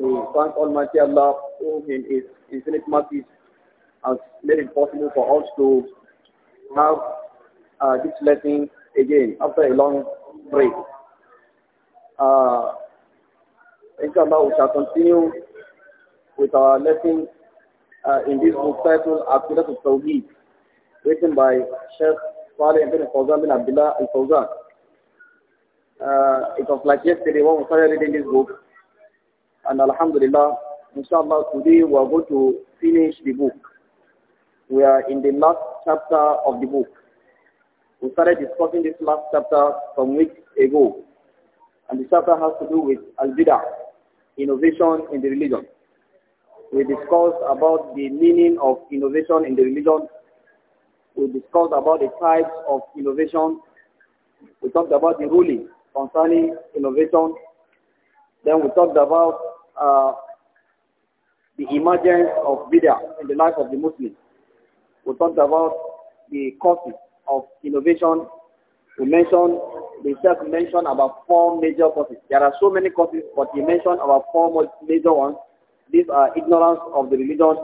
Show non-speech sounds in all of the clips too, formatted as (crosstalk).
We thank Almighty Allah who in His infinite mercy has made it possible for us to have uh, this lesson again after a long break. Uh, inshallah, we shall continue with our lesson uh, in this book titled Aqidat al-Tawheed, written by Sheikh Saleh bin Fawzan bin Abdullah al-Fawzan. Uh, it was like yesterday when we started reading this book, and Alhamdulillah, inshallah, today we are going to finish the book. We are in the last chapter of the book. We started discussing this last chapter some weeks ago. And the chapter has to do with al innovation in the religion. We discussed about the meaning of innovation in the religion. We discussed about the types of innovation. We talked about the ruling concerning innovation. Then we talked about uh, the emergence of video in the life of the Muslims. We talked about the causes of innovation. We mentioned, the self mentioned about four major causes. There are so many causes, but he mentioned about four major ones. These are ignorance of the religion,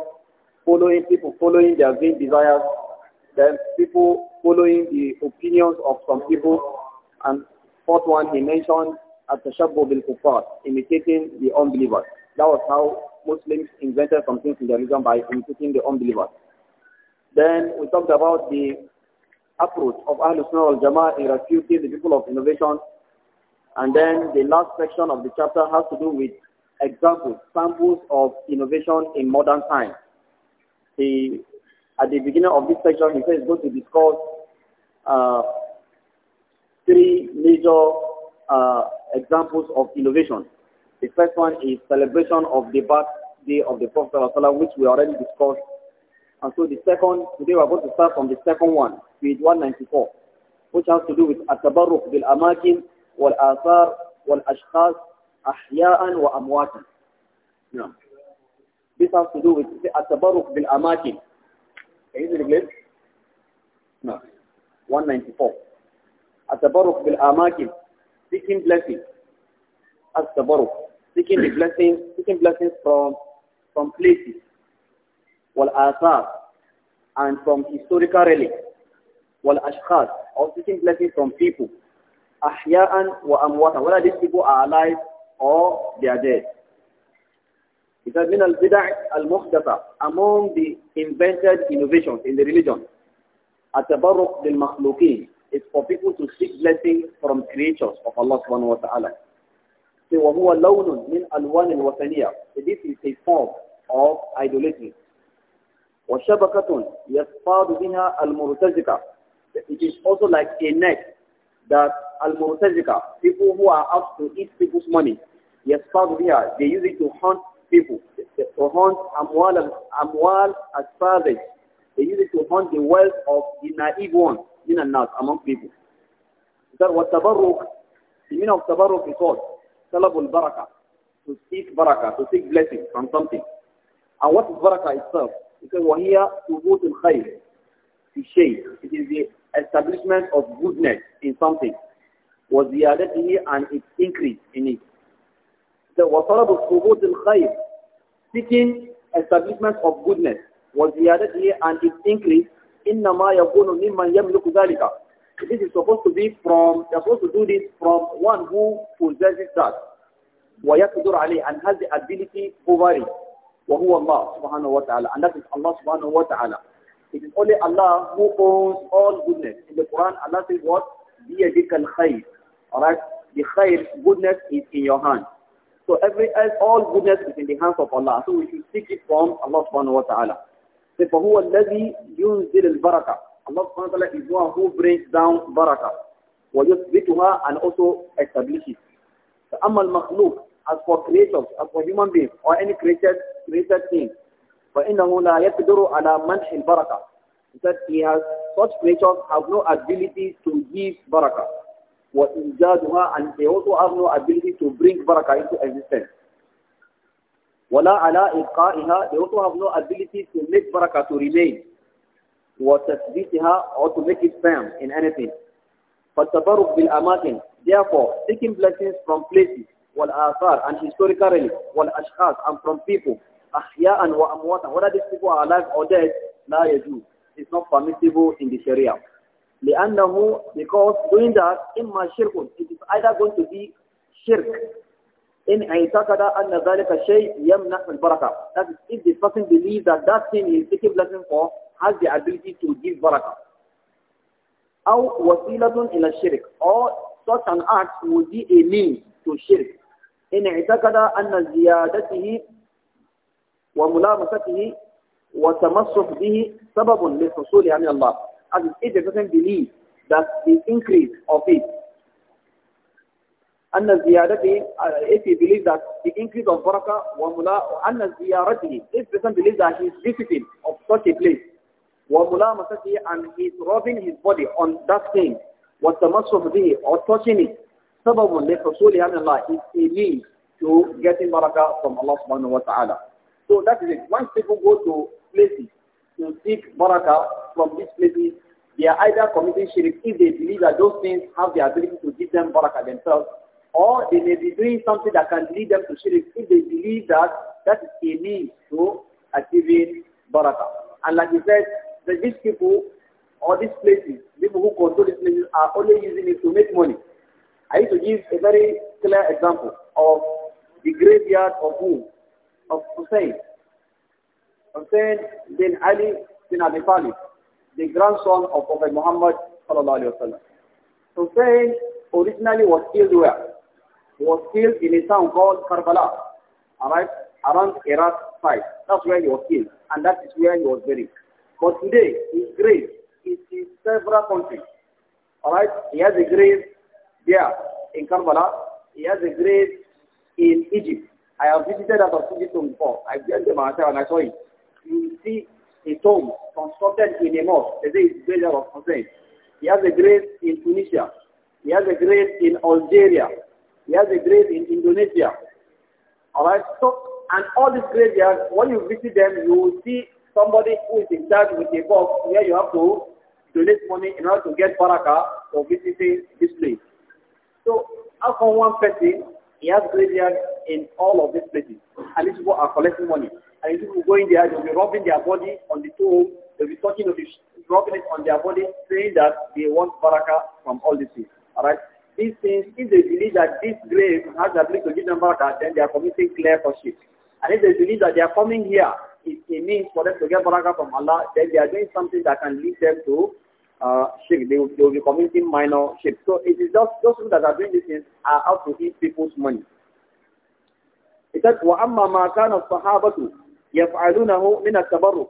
following people following their vain desires, then people following the opinions of some people, and fourth one he mentioned at tashabbu bil kuffar, imitating the unbelievers. That was how Muslims invented some things in the religion by imitating the unbelievers. Then we talked about the approach of Ahlul Sunnah al Jama'ah in refuting the people of innovation. And then the last section of the chapter has to do with examples, samples of innovation in modern times. He, at the beginning of this section, he says he's going to discuss uh, three major uh, examples of innovation. The first one is celebration of the birthday of the Prophet which we already discussed. And so the second, today we are going to start from the second one, page 194, which has to do with التبرك بالأماكن والآثار والأشخاص أحياء وأمواتا. No. This has to do with التبرك بالأماكن. Is it English? No. 194. bil بالأماكن seeking blessings. As the borrow, seeking the blessings, seeking blessings from from places, wal asar, and from historical relics, wal ashkhas, or seeking blessings from people, ahya'an wa amwata, whether these people are alive or they are dead. It has been al-bid'ah al-muhdatha, among the invented innovations in the religion, at-tabarruq bil-makhluqin, is for people to seek blessings from creatures of Allah subhanahu wa ta'ala. So, وَهُوَ لَوْنٌ مِنْ أَلْوَانِ الْوَثَنِيَةِ so This is a form of idolatry. وَشَبَكَةٌ يَصْطَادُ بِهَا الْمُرْتَزِكَةِ It is also like a net that al-murtazika, people who are asked to eat people's money, يَصْطَادُ بِهَا They use it to hunt people, to hunt amwal, amwal as savage. They use it to hunt the wealth of the naive ones in and among people. That what tabarruk, the meaning of tabarruk is what? Talabul barakah, to seek barakah, to seek blessing from something. And what is barakah itself? It to وَهِيَ ثُبُوتُ الْخَيْرِ في شيء. It is the establishment of goodness in something. Was the here and its increase in it. So وطلب ثبوت الخير seeking establishment of goodness was the here and its increase this is supposed to be from, they're supposed to do this from one who possesses that. وَيَقْدُرْ عَلَيْهِ And has the ability over it. وَهُوَ اللَّهُ subhanahu wa ta'ala. And that is Allah subhanahu wa ta'ala. It is only Allah who owns all goodness. In the Quran, Allah says what? بِيَدِكَ الْخَيْرِ Alright? The khayr, goodness is in your hand. So every all goodness is in the hands of Allah. So we should seek it from Allah subhanahu wa ta'ala. فهو الذي ينزل البركة is one who brings down barakah ويثبتها and also establishes. So المخلوق as for creatures, as for human beings or any created, created thing فإنه لا يقدر على منح البركة. He said he has, such creatures have no ability to give barakah. وإنجادها and they also have no ability to bring barakah into existence they also have no ability to make barakah to remain. Wa tasbitiha, or to make it firm in anything. فَالتَّبَرُكْ بِالْأَمَاكِنِ Therefore, seeking blessings from places, والآثار, and historically, والأشخاص, and from people, أحياء وأمواتا, whether these people are alive or dead, لا يجوز. It's not permissible in the Sharia. لأنه, because doing that, إما شرك, it is either going to be shirk, in aitakada anna dhalika shay yamna al-baraka. That is, if the person believes that that thing he is seeking blessing for has the ability to give baraka. أو وسيلة إلى الشرك. Or such an act would be a means to shirk. إن اعتقد أن زيادته وملامسته وتمسك به سبب للحصول عن الله. As if the person believes that the increase of it أن زيادته if he believes that the increase of barakah وملا أن زيارته if person believes that he is visiting of such a place وملامسته and he is rubbing his body on that thing والتمسح به or touching it سبب لحصولها من الله is a means to getting barakah from Allah subhanahu wa ta'ala. So that is it. Once people go to places to seek barakah from these places, they are either committing shirk if they believe that those things have the ability to give them barakah themselves, or they may be doing something that can lead them to shirk if they believe that that is a means to achieving barakah. And like you said, that these people or these places, people who control these places are only using it to make money. I need to give a very clear example of the graveyard of who? Of Hussein. Hussein bin Ali bin Abi Talib, the grandson of Prophet Muhammad sallallahu Hussein originally was killed where? was killed in a town called Karbala, alright, around Iraq five. That's where he was killed, and that is where he was buried. But today, his grave is in several countries. Alright, he has a grave there in Karbala. He has a grave in Egypt. I have visited that Egypt before. I went there myself and I saw it. You see a tomb constructed in a mosque. They say it's greater of Hussein. He has a grave in Tunisia. He has a grave in Algeria. He has a grave in Indonesia. Alright, so, and all these graveyards, when you visit them, you will see somebody who is in charge with a box where you have to donate money in order to get baraka for visiting this place. So, how come one person, he has graveyards in all of these places, and these people are collecting money. And these people going there, they'll be rubbing their body on the tomb, they'll be talking, they'll be rubbing it on their body, saying that they want baraka from all these things. Alright? these things, if they believe that this grave has the ability to give them water, then they are committing clear worship. And if they believe that they are coming here, it, it means for them to get barakah from Allah, then they are doing something that can lead them to uh, shirk. They will, they will be committing minor shirk. So it is just those people that are doing these things are out to eat people's money. It says, وَأَمَّا مَا كَانَ الصَّحَابَةُ يَفْعَلُونَهُ مِنَ التَّبَرُّ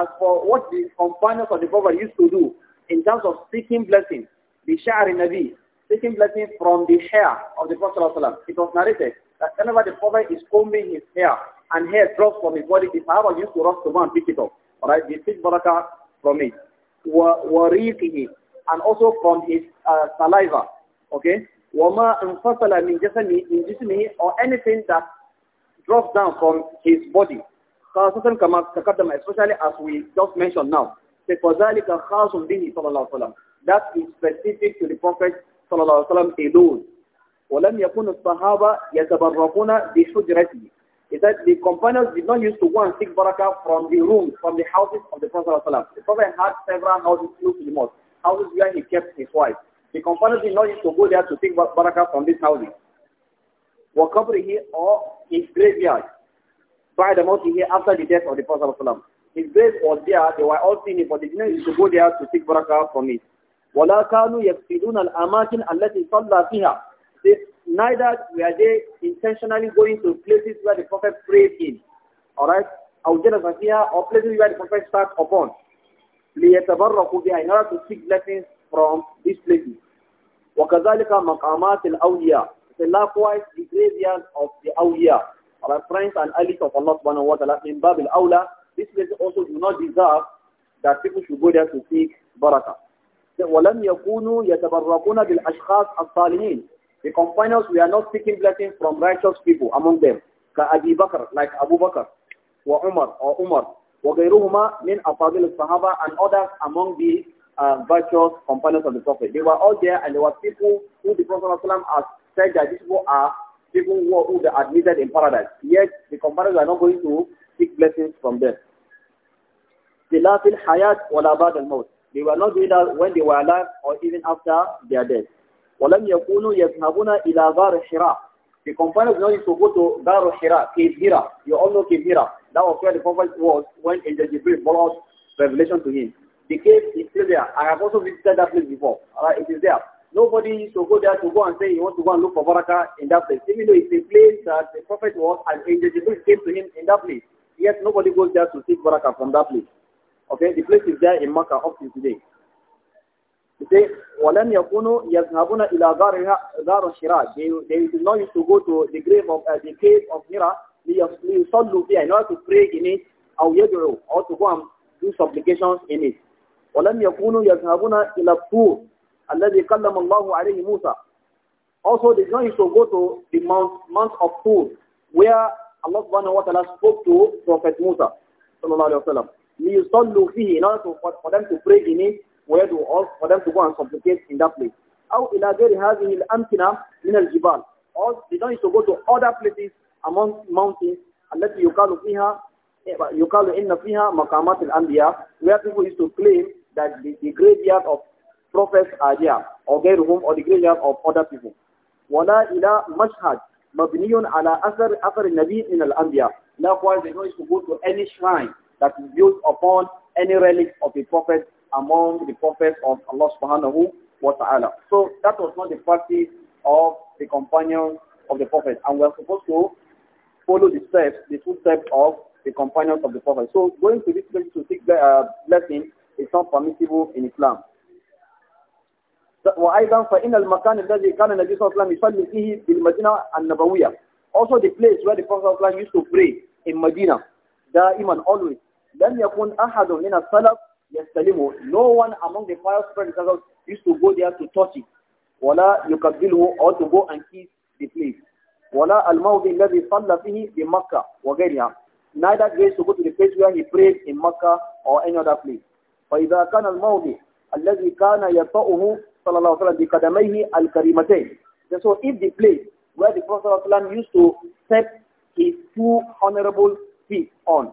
As for what the companions of the Prophet used to do in terms of seeking blessings, بِشَعْرِ النَّبِي taking blessings from the hair of the Prophet It was narrated that whenever the Prophet is combing his hair and hair drops from his body, the Sahaba used to rush to go and pick it up. Alright, they take barakah from it. وَرِيقِهِ And also from his uh, saliva. Okay? وَمَا أَنْفَصَلَ مِنْ جَسَمِهِ Or anything that drops down from his body. especially as we just mentioned now. فَذَلِكَ خَاصٌ بِهِ صلى الله عليه وسلم. That is specific to the Prophet صلى الله عليه وسلم alone. ولم يكن الصحابة يتبركون بحجرته. Is that the companions did not used to go and seek barakah from the rooms, from the houses of the Prophet ﷺ. The Prophet had several houses close to the mosque, houses where he kept his wife. The companions did not used to go there to seek barakah from these houses. covered here or his graveyard. By the mosque here after the death of the Prophet ﷺ. His grave was there, they were all seeing it, but they didn't used to go there to seek barakah from it. ولا كانوا يفسدون الأماكن التي صلى فيها neither were they intentionally going to places where the prophet prayed in alright أو جلس فيها أو places where the prophet sat upon ليتبركوا بها in order to seek blessings from these places وكذلك مقامات الأولياء likewise the graveyard of the أولياء. our friends and allies of Allah subhanahu wa ta'ala in Babel Aula, awla this place also do not deserve that people should go there to seek barakah وَلَمْ يَكُونُوا يَتَبَرَّقُونَ بِالْأَشْخَاصِ الصَّالِحِينَ The companions we are not seeking blessings from righteous people among them. كَأَبِي بَكْرَ Like Abu Bakr وَعُمَرْ or Umar وَغَيْرُهُمَا مِنْ أَفَاضِلِ الصَّحَابَةِ And others among the uh, virtuous companions of the Prophet. They were all there and there were people who the Prophet has said that these people are people who, who they admitted in paradise. Yet the companions are not going to seek blessings from them. The last in hayat wala ba'd they were not doing that when they were alive or even after their death. وَلَمْ يَكُونُوا يَذْهَبُونَ إِلَى غَارِ حِرَى The companions were not to go to غَارُ حِرَى, Cave Hira. You all know Cave Hira. That was where the prophet was when Angel Jibril brought revelation to him. The cave is still there. I have also visited that place before. it is there. Nobody should go there to go and say he wants to go and look for Baraka in that place. Even though it's a place that the prophet was and Angel Jibril came to him in that place. Yet nobody goes there to seek Baraka from that place. Okay, the place is there in Makkah up to today. They say, وَلَمْ يَكُونُوا يَذْهَبُونَ إِلَى غَارُ الشِّرَاج They, they did not used to go to the grave of, uh, the cave of Hira لِيَصَلُّوا فِيهَا in order to pray in it أو يدعو or to go and do supplications in it. وَلَمْ يَكُونُوا يَذْهَبُونَ إِلَى الطُّورِ الَّذِي كَلَّمَ اللَّهُ عَلَيْهِ مُوسَى Also, they did not used to go to the mount, mount of Tur where Allah subhanahu wa ta'ala spoke to Prophet Musa sallallahu alayhi wa sallam. لِيُصَلُّوا فِيهِ In order to, for, for them to pray in it, where to, or for them to go and supplicate in that place. أو إلى غير هذه الأمكنة من الجبال. Or they don't need to go to other places among mountains التي يقال فيها يقال إن فيها al Andia, where people used to claim that the, the graveyard of prophets are there or home, or the graveyard of other people. ولا إلى مشهد مبني على أثر Nabi النبي من الأنبياء. Likewise, they don't need to go to any shrine that is built upon any relic of a prophet among the prophets of Allah subhanahu wa ta'ala. So that was not the practice of the companions of the prophet. And we're supposed to follow the steps, the two steps of the companions of the prophet. So going to this place to seek uh, blessing is not permissible in Islam. وأيضا فإن المكان الذي كان النبي صلى الله عليه وسلم يصلي فيه بالمدينة النبوية also the place where the Prophet used to pray in Medina دائما always لم يكن أحد من السلف يستلمه no one among the pious predecessors used to go there to touch it ولا يقبله or to go and kiss the place ولا الموضع الذي صلى فيه بمكة وغيرها neither grace to go to the place where he prayed in Makkah or any other place فإذا كان الموضع الذي كان يطأه صلى الله عليه وسلم بقدميه الكريمتين so if the place where the Prophet used to set his two honorable feet on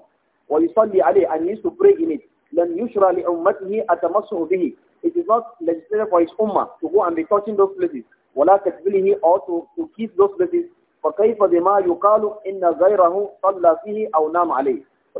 ويصلي عليه and he used to pray in it لن يشرع لأمته أتمسه به it is not legislated for his ummah to go and be touching those places ولا تكبله or to, to kiss those places فكيف بما يقال إن غيره صلى فيه أو نام عليه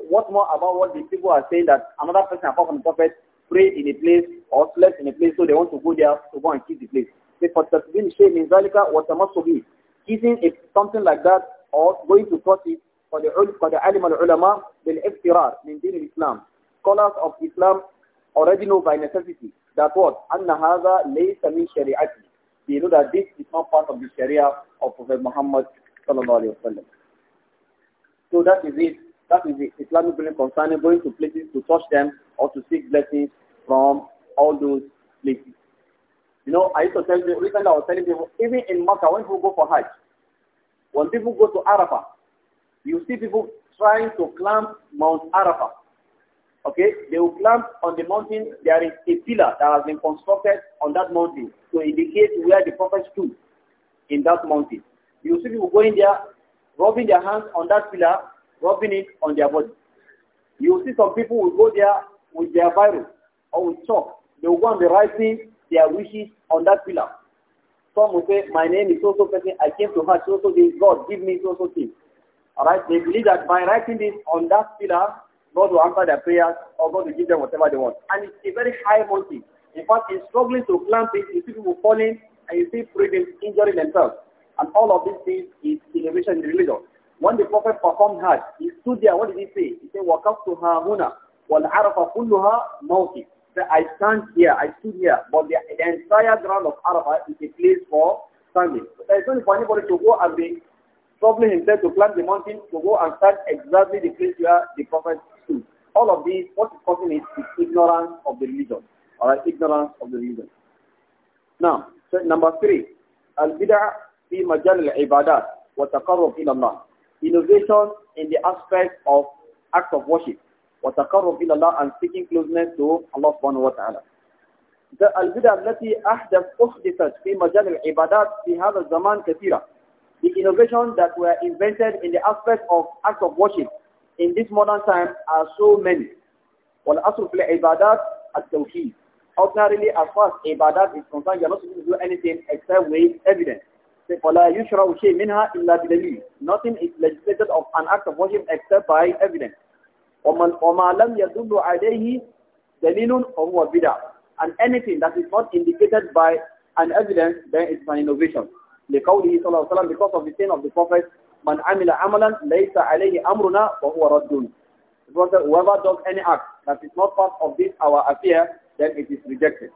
what more about what the people are saying that another person apart from the prophet prayed in a place or slept in a place so they want to go there to go and kiss the place say for tasbih shay min zalika wa tamassuhi kissing if something like that or going to touch it قد علم العلماء بالافترار من دين الإسلام scholars of Islam already know by necessity that what أن هذا ليس من شريعتي they know that this is not part of the Sharia of Prophet Muhammad الله عليه وسلم. so that is it that is the Islamic belief concerning going to places to touch them or to seek blessings from all those places you know, I used to tell people, recently I was telling people, even in Makkah, when people go for Hajj, when people go to Arafah, you see people trying to climb Mount Arafah. Okay, they will climb on the mountain. There is a pillar that has been constructed on that mountain to indicate where the prophet stood in that mountain. You see people going there, rubbing their hands on that pillar, rubbing it on their body. You see some people will go there with their virus or with chalk. They will go and be writing their wishes on that pillar. Some will say, my name is also person, I came to her, so so God, give me so so thing. Alright, they believe that by writing this on that pillar, God will answer their prayers or God will give them whatever they want. And it's a very high mountain. In fact, in struggling to climb it, you see people falling and you see people injuring themselves. And all of these things is innovation in religion. When the Prophet performed Hajj, he stood there, what did he say? He said, "Walk up to While هُنَا وَالْعَرَفَ كُلُّهَا مَوْتِي that I stand here, I stood here, but the, the entire ground of Arafah is a place for standing. So there is no need for anybody to go and be Probably himself to climb the mountain to go and start exactly the place where the prophet stood. All of these, what is causing it is ignorance of the religion. All right, ignorance of the religion. Now, so number three, al-bid'ah fi majal al-ibadat wa taqarrub ila Allah. Innovation in the aspect of acts of worship wa taqarrub ila Allah and seeking closeness to Allah subhanahu wa ta'ala. The al-bid'ah التي أحدث أحدثت في مجال العبادات في هذا الزمان كثيرة the innovations that were invented in the aspect of acts of worship in this modern time are so many. وَالْأَصْلُ Ordinarily, as far as ibadat is concerned, you're not supposed to do anything except with evidence. Nothing is legislated of an act of worship except by evidence. And anything that is not indicated by an evidence, then it's an innovation. لقوله صلى الله عليه وسلم because of the sin of the prophet من عمل عملا ليس عليه أمرنا وهو ردون whoever does any act that is not part of this our affair then it is rejected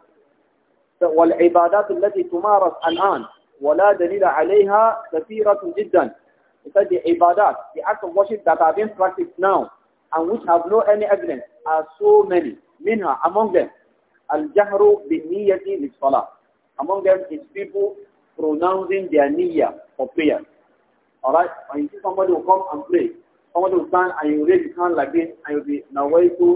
والعبادات التي تمارس الآن ولا دليل عليها كثيرة جدا It said the عبادات the acts of worship that are being practiced now and which have no any evidence are so many. منها among them, الجهر بالنية للصلاة Among them is people pronouncing their niyyah for prayer. Alright? When you see somebody will come and pray, somebody will stand and you raise his hand like this and you'll be now nawaitu to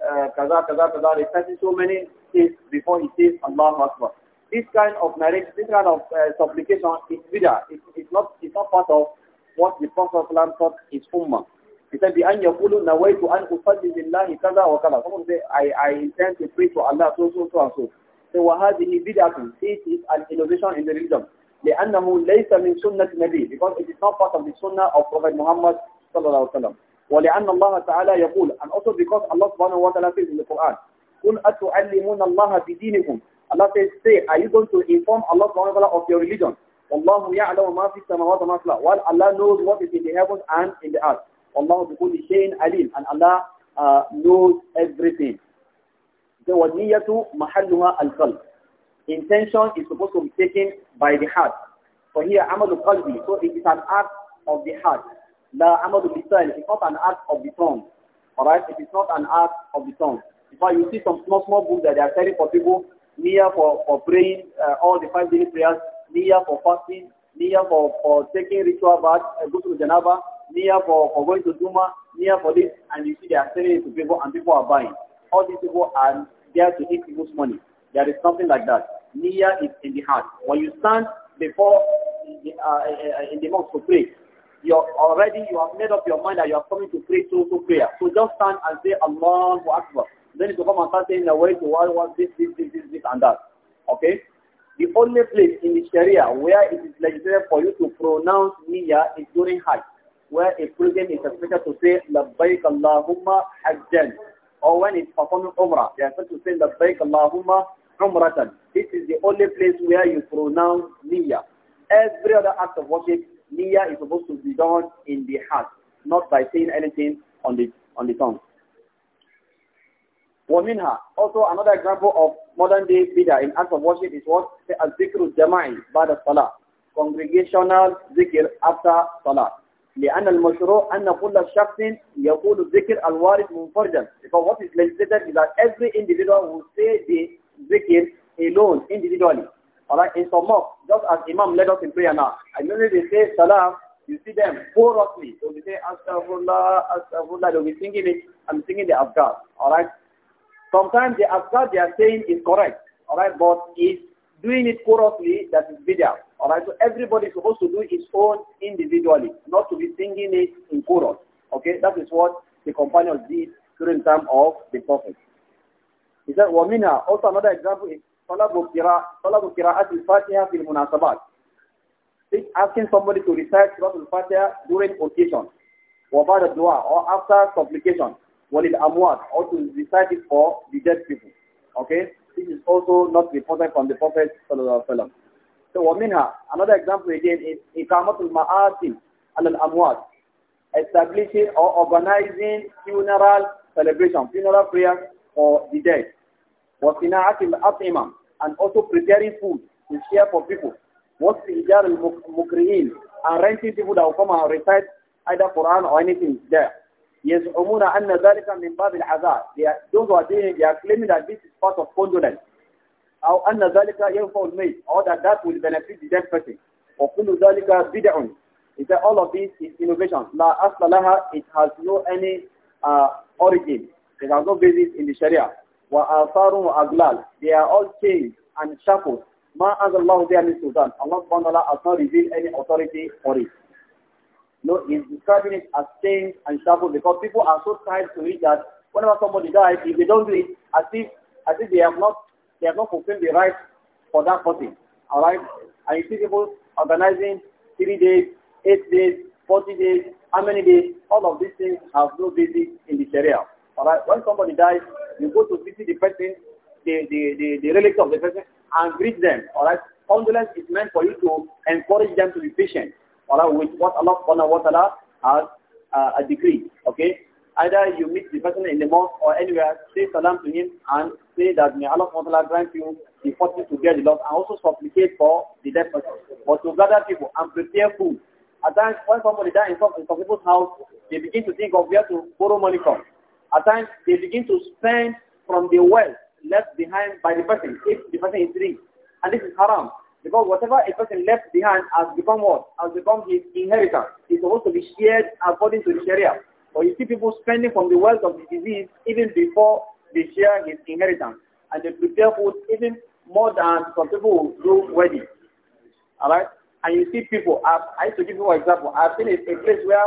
uh, kaza kaza kaza reciting so many things before he says Allah Akbar. This kind of marriage, this kind of uh, supplication is bidah. It, it's, not, it's not part of what the Prophet taught his ummah. He said, بأن يقولوا نويت أن أصلي kaza كذا kaza. Someone say, I, I intend to pray to Allah so, so, so, and so. Say, وَهَذِهِ بِدْعَةٌ It is an innovation in the religion. لأنه ليس من سنة النبي because it is not part of the sunnah of Prophet Muhammad صلى الله عليه وسلم ولأن الله تعالى يقول and also because Allah subhanahu wa ta'ala says in the Quran قل أتعلمون الله بدينكم Allah says say are you going to inform Allah subhanahu wa of your religion والله يعلم ما في السماوات وما في الأرض while Allah knows what is in the heavens and in the earth والله بكل شيء عليم and Allah uh, knows everything the what niyatu mahalluha al qalb. Intention is supposed to be taken by the heart. For here, amal qalbi, so it is an act of the heart. La amal lisan, it is not an act of the tongue. Alright, it is not an act of the tongue. In fact, you see some small, small books that they are selling for people, near for, for praying uh, all the five daily prayers, near for fasting, near for, for taking ritual bath, uh, go to Janaba, near for, for going to Duma, near for this, and you see they are selling it to people and people are buying. All these people are there to eat people's money. There is something like that. Niyyah is in the heart. When you stand before the, uh, uh, in the mosque to pray, you already you have made up your mind that you are coming to pray so so prayer. So just stand and say Allahu Akbar. Then you come and start saying the way to what was this, this, this, this, this and that. Okay? The only place in the Sharia where it is legislated for you to pronounce niyyah is during Hajj, where a pilgrim is expected to say Labbaik Allahumma Hajjan or when it's performing Umrah. They are to say labbaik Allahumma Umratan. This is the only place where you pronounce Niyya. Every other act of worship, Niyya is supposed to be done in the heart, not by saying anything on the, on the tongue. Waminha, also another example of modern day bid'ah in acts of worship is what? Say, al-zikru jamai ba'da salah. Congregational zikr after salah. لأن المشروع أن كل شخص يقول ذكر الوارد منفردا So what is legislated is that every individual will say the ذكر alone individually alright in some mosques, just as Imam led us in prayer now and when they say salam you see them chorously so they say astaghfirullah astaghfirullah they'll be singing it I'm singing the afghar alright sometimes the afghar they are saying is correct alright but it's doing it correctly, that is bid'ah. Alright, so everybody is supposed to do his own individually, not to be singing it in chorus. Okay, that is what the companions did during the time of the Prophet. He said, Wamina, Also another example is طلب salah الفاتحة في المناسبات. It's asking somebody to recite Surah Al-Fatiha during occasion, وبعد dua or after supplication, وللأموات, or to recite it for the dead people. Okay? This is also not reported from the Prophet sallallahu alaihi wasallam. So ومنها another example again is إقامة المآسي al الأموات establishing or organizing funeral celebration, funeral prayer for the dead. وصناعة الأطعمة and also preparing food to share for people. واستئجار المكرهين and renting people that will come and recite either Quran or anything there. يزعمون أن ذلك من باب العذاب those who are doing they are claiming that this is part of condolence أو أن ذلك ينفع الميت or that that will benefit the dead person وكل ذلك بدع is that all of this is innovation لا أصل لها it has no any uh, origin it has no basis in the Sharia وآثار وأغلال they are all chains and shackles ما أنزل الله بها من سلطان Allah subhanahu wa has not revealed any authority for it no, he's describing it as stained and shuffle because people are so tied to it that whenever somebody dies, if they don't do it, as if, as if they have not, they have not fulfilled the right for that person. Alright? And you see people organizing three days, eight days, 40 days, how many days, all of these things have no basis in the Sharia. Alright? When somebody dies, you go to visit the person, the, the, the, the relics of the person, and greet them. Alright? Condolence is meant for you to encourage them to be patient. Allah, with what Allah subhanahu wa ta'ala has uh, a decree. Okay? Either you meet the person in the mosque or anywhere, say salam to him and say that may Allah subhanahu wa ta'ala grant you the fortune to get the lost and also supplicate for the dead person. But to gather people and prepare food. At times, when somebody dies in some, in some people's house, they begin to think of where to borrow money from. At times, they begin to spend from the wealth left behind by the person if the person is rich. And this is haram. Because whatever a person left behind has become what? Has become his inheritance. It's supposed to be shared according to the Sharia. But you see people spending from the wealth of the disease even before they share his inheritance. And they prepare food even more than some people who do wedding. Alright? And you see people, I've, I used to give you an example. I've seen a, a place where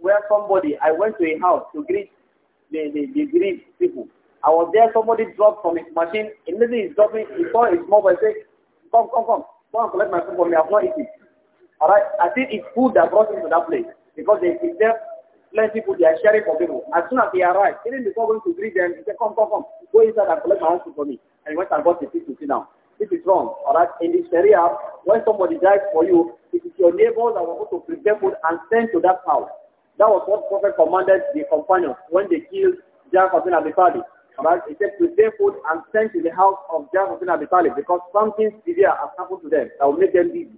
where somebody, I went to a house to greet the, the, the people. I was there, somebody dropped from his machine. Immediately he's dropping, he saw his mobile, Come, come, come. Go and collect my food for me. I've not eaten. Alright? I think it's food that brought him to that place. Because they serve plenty of food. They are sharing for people. As soon as they arrive, even before going to greet them, he said, come, come, come. Go inside and collect my own food for me. And he went and got the food to sit down. This is wrong. Alright? In this area, when somebody dies for you, it is your neighbors that were going to prepare food and send to that house. That was what Prophet commanded the companions when they killed Jacob bin Abi Talib. But he said, prepare food and send to the house of Jafar bin Abi Talib because something severe has happened to them that will make them leave."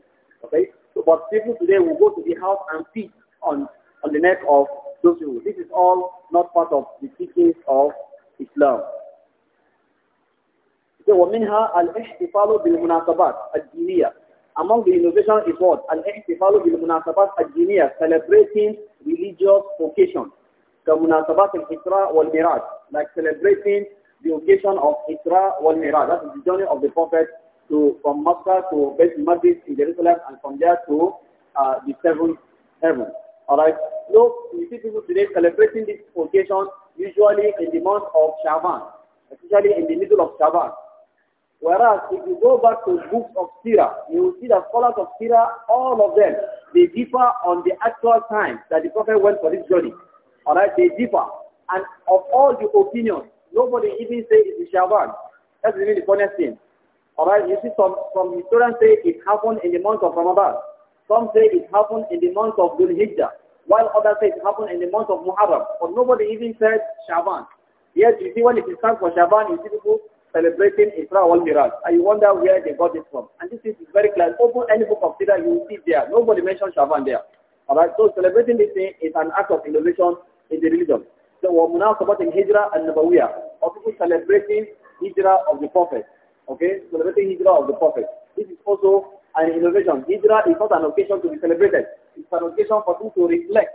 Okay? So, but people today will go to the house and feed on, on the neck of those people. This is all not part of the teachings of Islam. So, ومنها الاحتفال بالمناسبات الدينية. Among the innovation is what? Al-ihtifalu bil munasabat al celebrating religious occasions. كمناسبات الإسراء والميراج like celebrating the occasion of Isra wal Miraj that is the journey of the prophet to from Makkah to Beit Maqdis in Jerusalem and from there to uh, the seventh heaven all right so you see people today celebrating this occasion usually in the month of Shaban especially in the middle of Shaban Whereas if you go back to books of Sirah, you will see the scholars of Sirah, all of them, they differ on the actual time that the Prophet went for this journey. Alright, they differ. And of all the opinions, nobody even says it's Shaban. That's really the funniest thing. Alright, you see some, some historians say it happened in the month of Ramadan. Some say it happened in the month of Dhul Hijjah. While others say it happened in the month of Muharram. But nobody even said Shaban. Yet you see when it is time for Shaban, you see people celebrating Isra al Miraj. And you wonder where they got this from. And this is very clear. Open any book of Sira, you will see there. Nobody mentioned Shaban there. Alright, so celebrating this thing is an act of innovation in the religion. So ومناسبة Hijra and Nabawiya. people celebrating Hijra of the Prophet. Okay, celebrating Hijra of the Prophet. This is also an innovation. Hijra is not an occasion to be celebrated. It's an occasion for you to reflect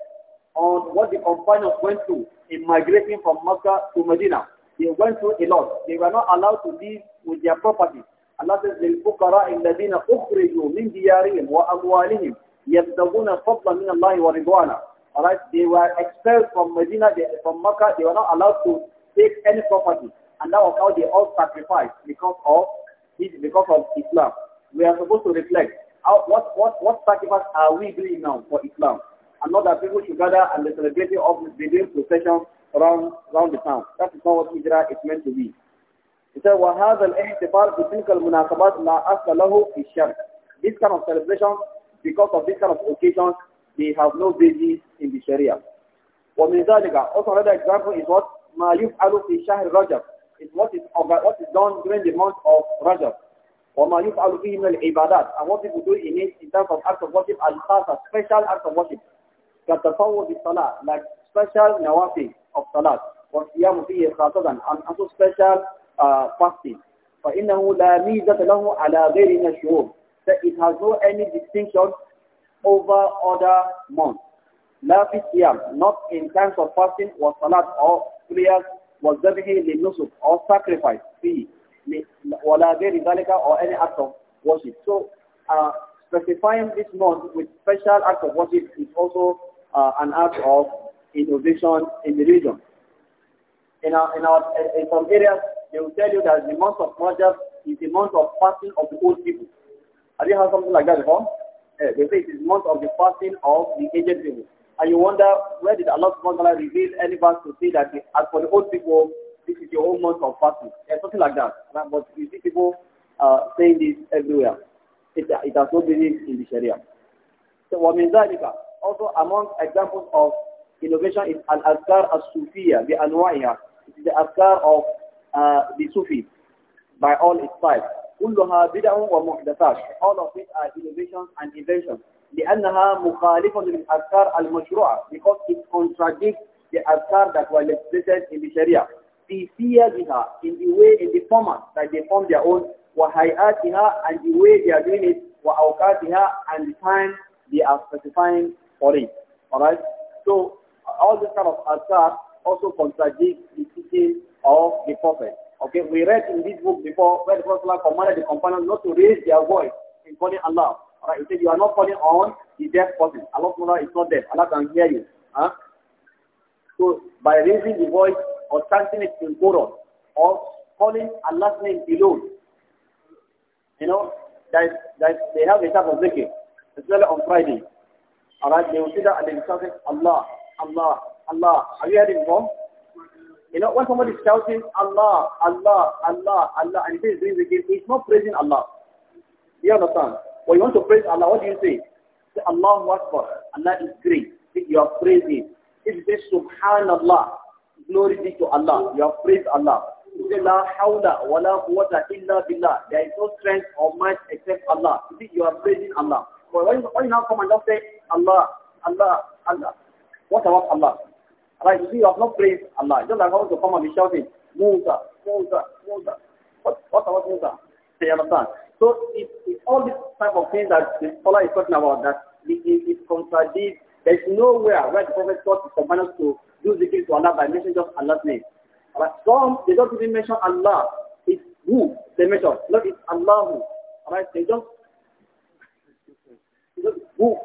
on what the companions went through in migrating from Mecca to Medina. They went through a lot. They were not allowed to leave with their property. Allah says, لِلْفُقَرَاءِ الَّذِينَ أُخْرِجُوا مِنْ دِيَارِهِمْ وَأَمْوَالِهِمْ يَبْتَغُونَ فَضْلًا مِنَ اللَّهِ وَرِضْوَانًا Alright, they were expelled from Medina, they, from Mecca, they were not allowed to take any property. And that was how they all sacrificed because of because of Islam. We are supposed to reflect how, what, what, what sacrifice are we doing now for Islam? And not that people should gather and the celebrating of the doing procession around, around the town. That is not what Hijrah is meant to be. He said, وَهَذَا الْإِحْتِفَالُ بِتِلْكَ الْمُنَاسَبَاتِ لَا أَصْلَ لَهُ فِي الشَّرْعِ This kind of celebration, because of this kind of occasions, they have no basis in the Sharia. ومن also another example is what ما يفعل في شهر رجب. It's what is, what is done during the month of Rajab. وما يفعل فيه من العبادات. And what people do in it in terms of acts of worship al-khasa, special acts of worship. كالتفوض Salah, like special nawafi of salat. والصيام فيه خاصة and also special uh, fasting. فإنه لا ميزة له على غير من الشهور. that it has no any distinction over other months. لا في not in times of fasting or salat or prayers وَالذَّبِحِ لِلنُّسُكْ or sacrifice فيه وَلَا or any act of worship. So uh, specifying this month with special act of worship is also uh, an act of innovation in the region. In, our, in, our, in some areas, they will tell you that the month of Rajab is the month of fasting of the old people. Have you heard something like that before? Uh, they say it is month of the fasting of the aged people. And you wonder, where did Allah subhanahu wa ta'ala reveal any verse to see that as for the old people, this is your own month of fasting? Yeah, something like that. But you see people uh, saying this everywhere. It, it has no basis in the Sharia. So, means that? Also among examples of innovation is al-azkar as-sufiya, the anwa'iya. It is the azkar of uh, the Sufi by all its types. كلها بدع ومحدثات all of it are innovations and inventions لأنها مخالفة للأذكار المشروعة because it contradicts the أذكار that were legislated in the Sharia في سياقها in the way in the format that they form their own وهيئاتها and the way they are doing it وأوقاتها and the time they are specifying for it alright so all this kind of أذكار also contradicts the teaching of the Prophet Okay, we read in this book before where the Prophet commanded the companions not to raise their voice in calling Allah. Alright, he said you are not calling on the deaf person. Allah is not deaf. Allah can hear you. Huh? So by raising the voice or chanting it in Quran or calling Allah's name alone, you know, that that they have a type of zikr, especially on Friday. Alright, they will see that and they will start Allah, Allah, Allah. Have you heard it before? You know, when somebody is shouting Allah, Allah, Allah, Allah, and he says doing the game, he's not praising Allah. You understand? When you want to praise Allah, what do you say? Say Allahu Akbar. Allah is great. You are praising. If you say Subhanallah, glory be to Allah. You have praised Allah. You say La hawla wa la quwwata illa billah. There is no strength or might except Allah. You see, you are praising Allah. But when, you now come and say Allah, Allah, Allah, what about Allah? And I see you have not praised Allah. Just like I want to come and be shouting, Musa, Musa, Musa. What, what about Musa? Do you understand? So if all these type of things that the scholar is talking about that it, it, it contradicts. There's nowhere where the Prophet taught the companions to do the to Allah by mentioning just Allah's name. But some, they don't even mention Allah. It's who they mention. Look, it's Allah who. Alright, they do just, who,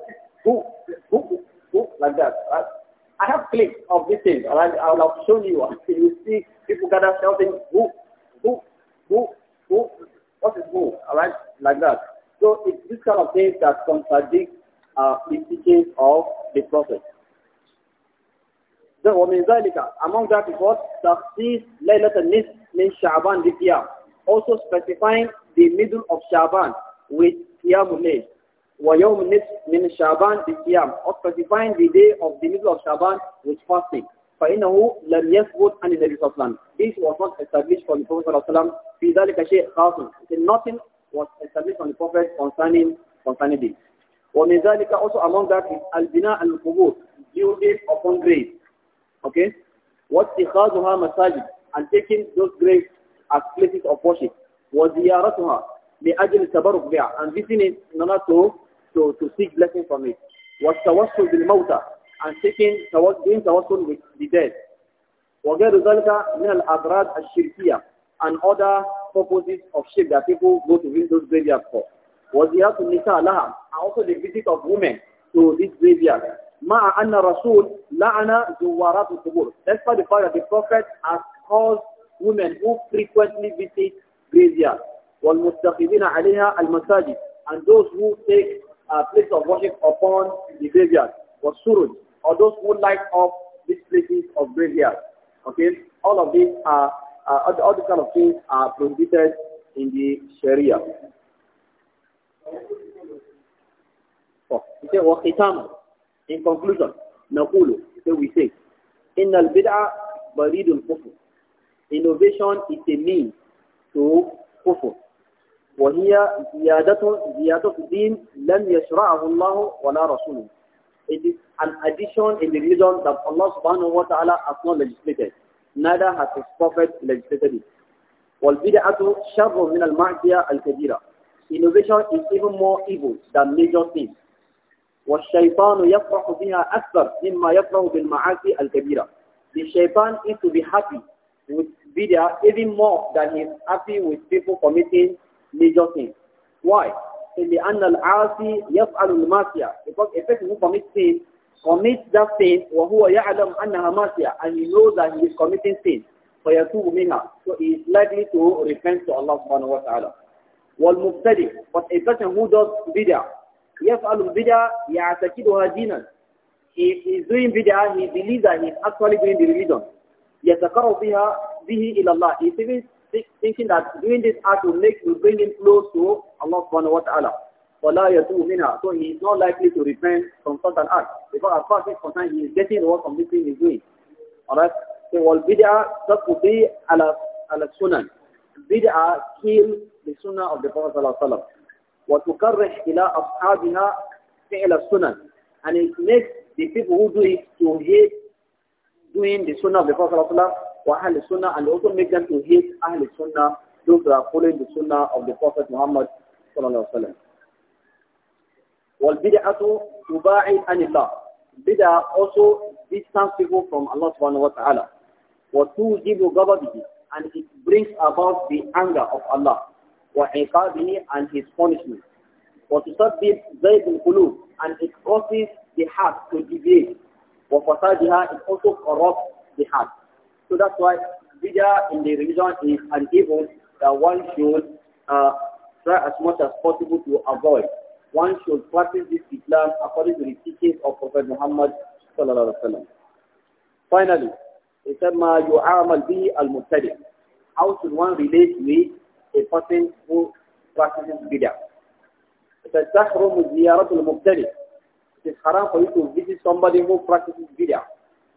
who, who, who, like that. Right? I have clips of these things, and I, I will have shown you. You see people gather shouting, who, who, who, who, what is who, all right, like that. So it's this kind of things that contradict uh, the teachings of the Prophet. Then ومن ذلك among that is what تخصيص ليلة النصف من شعبان بقيام also specifying the middle of Shaban with Qiyamul Layl ويوم النصف من شعبان بالصيام or specifying the day of the middle of Shaban with fasting فإنه لم يثبت عن النبي صلى الله عليه وسلم this was not established from the Prophet صلى الله عليه وسلم في ذلك شيء خاص nothing was established from the Prophet concerning concerning this ومن ذلك also among that is البناء القبور building upon grave okay واتخاذها مساجد and taking those graves as places of worship وزيارتها لأجل التبرك بها and visiting in order to to, to seek blessing from it. Was tawassul bil mawta and seeking doing tawassul with the dead. وغير ذلك من الأضرار الشركية and other purposes of shirk that people go to visit those graveyards for. وزيارة النساء لها and also the visit of women to this graveyard. مع أن الرسول لعن زوارات القبور. Despite the fact the Prophet has caused women who frequently visit graveyards والمتخذين عليها المساجد and those who take uh, place of worship upon the graveyard, was surut, or those who light up these places of graveyard. Okay, all of these are, uh, all, all kind of things are prohibited in the Sharia. So, he said, in conclusion, Nakulu, so we say, In al بريد Innovation is a means to kufr. وهي زيادة زيادة الدين لم يشرعه الله ولا رسوله. It is an addition in the religion that Allah subhanahu wa ta'ala has not legislated. Neither has his prophet legislated it. والبدعة شر من المعصية الكبيرة. Innovation is even more evil than major sin. والشيطان يفرح بها أكثر مما يفرح بالمعاصي الكبيرة. The shaitan is to be happy with bid'ah even more than he is happy with people committing níjọsìn why ṣèlè anal aasi yẹf alulmasia because if person who commit sin commit that sin wa huwa ya'lam annaha masia and he knows that he is committing sin fayatubu minha so he is likely to repent to Allah subhanahu wa ta'ala والمبتدئ but a person who does bid'ah يفعل البدعة يعتقدها دينا he is doing bid'ah he believes that he is actually doing the religion يتقرب بها به إلى الله he is thinking that doing this act will make will bring him close to Allah subhanahu wa ta'ala. So he is not likely to repent from such an act. Because as far as is he is getting reward from this thing he is doing. Alright? So wal bid'ah taqbi ala ala sunan. Bid'ah kill the sunnah of the Prophet sallallahu alaihi wasallam. of إلى أصحابها فعل sunnah, and it makes the people who do it to hate doing the sunnah of the Prophet sallallahu wa wasallam Ahl Sunnah and also make them to hate Ahl Sunnah, those who are following the Sunnah of the Prophet Muhammad sallallahu alaihi wasallam. والبدعة تباعد عن الله. Bid'ah also distance people from Allah subhanahu wa ta'ala. وتوجب غضبه and it brings about the anger of Allah. and his punishment. وتسبب in القلوب and it causes the heart to deviate. وفسادها it also corrupts the heart. So that's why bid'ah in the religion is an evil that one should uh, try as much as possible to avoid. One should practice this Islam according to the teachings of Prophet Muhammad sallallahu alaihi wasallam. Finally, it said, "Ma yu'amal bi al How should one relate with a person who practices bid'ah? It says, "Tahrum ziyarat al It is haram for you to visit somebody who practices bid'ah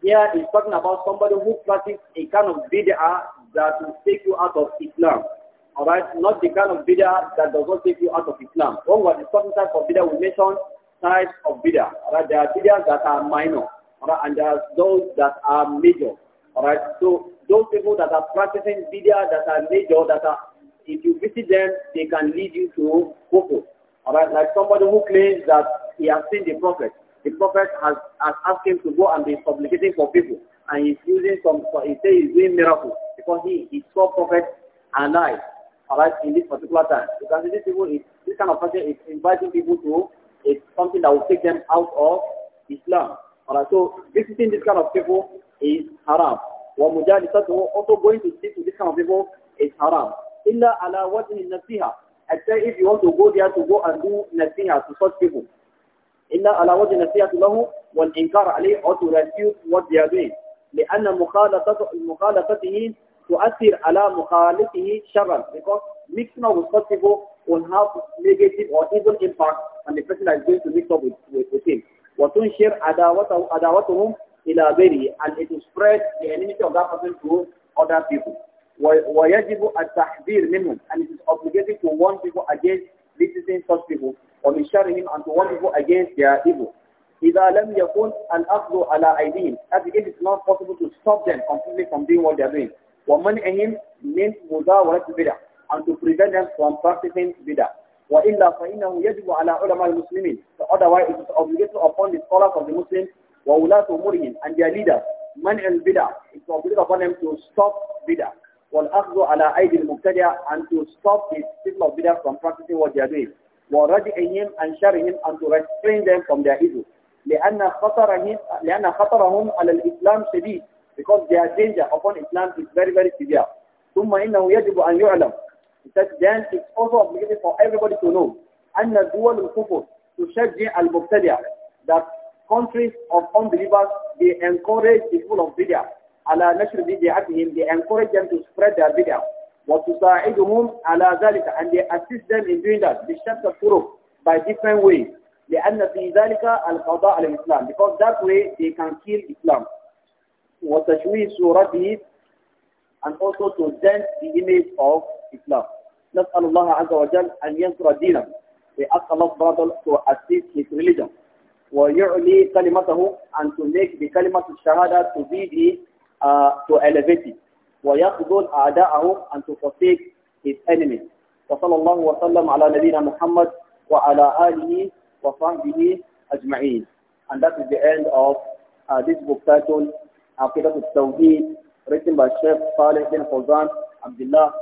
here is talking about somebody who practices a kind of bid'ah that will take you out of Islam. Alright, not the kind of bid'ah that does not take you out of Islam. What we are discussing types of bid'ah, we mentioned types of bid'ah. Alright, there are bid'ahs that are minor, alright, and there are those that are major. Alright, so those people that are practicing bid'ah that are major, that are, if you visit them, they can lead you to kufr. Alright, like somebody who claims that he has seen the prophet the prophet has, has asked him to go and be supplicating for people. And he's using some, so he says he's doing miracles because he, he saw prophet alive, alive in this particular time. Because this people this kind of person is inviting people to it's something that will take them out of Islam. Alright, so visiting this kind of people is haram. Mujahid mujalisatuhu, also going to speak to this kind of people is haram. Illa ala wajhi nasiha. say if you want to go there to go and do nasiha to such people. إلا على وجه نصيحة له والإنكار عليه أو to refute لأن مخالطته مخالطته تؤثر على مخالفه شرا because mixing up with such people will have negative or evil impact on the person that is going to mix up with, with, with him. وتنشر عداوته عداوتهم إلى غيره and it will spread the enmity of that person to other people. ويجب التحذير منهم and it is obligated to warn people against visiting such people ومن شرهم أن to against their evil. إذا لم يكن الأخذ على أيديهم as it is not possible to stop them completely from doing what they are doing. ومنعهم من مزاولة البدع and to prevent them from practicing bid'ah. وإلا فإنه يجب على علماء المسلمين so otherwise it is obligatory upon the scholars of the Muslims وولاة أمورهم and their leaders منع البدع it is obligatory upon them to stop bid'ah والأخذ على أيدي المبتدع and to stop the people of bid'ah from practicing what they are doing. ورجعهم عن شرهم أن ترسلين restrain them from their evil. لأن خطرهم لأن خطرهم على الإسلام شديد because their danger upon Islam is very very severe. ثم إنه يجب أن يعلم that then it's also obligatory for everybody to know أن دول الكفر تشجع المبتدع that countries of unbelievers they encourage the people of Bidya على نشر بدعتهم they encourage them to spread their Bidya وتساعدهم على ذلك and they assist them in doing that بشتى الطرق by different ways لأن في ذلك القضاء على الإسلام because that way they can kill Islam وتشويه صورته and also to dent the image of Islam نسأل الله عز وجل أن ينصر دينه We ask Allah subhanahu to assist his religion ويعلي كلمته and to make the كلمة الشهادة to be the uh, to elevate it ويقضل أعداءهم أن تصدق his enemies. وصلى الله وسلم على نبينا محمد وعلى آله وصحبه أجمعين. And that is the end of uh, this book titled عقيدة التوحيد written by Sheikh Saleh bin Fawzan Abdullah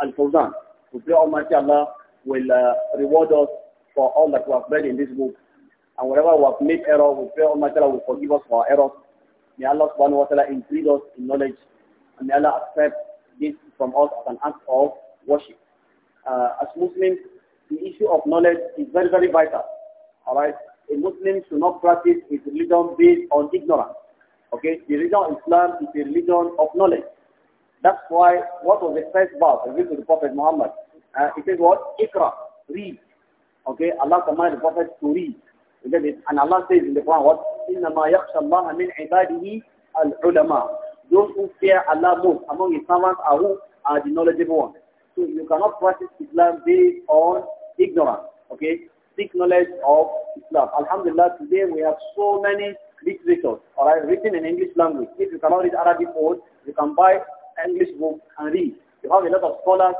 Al-Fawzan. We pray Almighty Allah will uh, reward us for all that we have read in this book. And wherever we have made error, we pray Almighty Allah will forgive us for our errors. May Allah subhanahu wa ta'ala increase us in knowledge And Allah accept this from us as an act of worship. Uh, as Muslims, the issue of knowledge is very, very vital. All right? A Muslim should not practice his religion based on ignorance. Okay? The religion of Islam is a religion of knowledge. That's why what was the first verse to the Prophet Muhammad? Uh, it says what? Ikra, read. Okay, Allah commanded the Prophet to read. And Allah says in the Quran what? إِنَّمَا يَخْشَى اللَّهَ مِنْ عِبَادِهِ الْعُلَمَاءُ those who fear Allah most among his servants are who are the knowledgeable ones. So you cannot practice Islam based on ignorance. Okay? Seek knowledge of Islam. Alhamdulillah, today we have so many literatures, all right, written in English language. If you cannot read Arabic words, you can buy English books and read. You have a lot of scholars,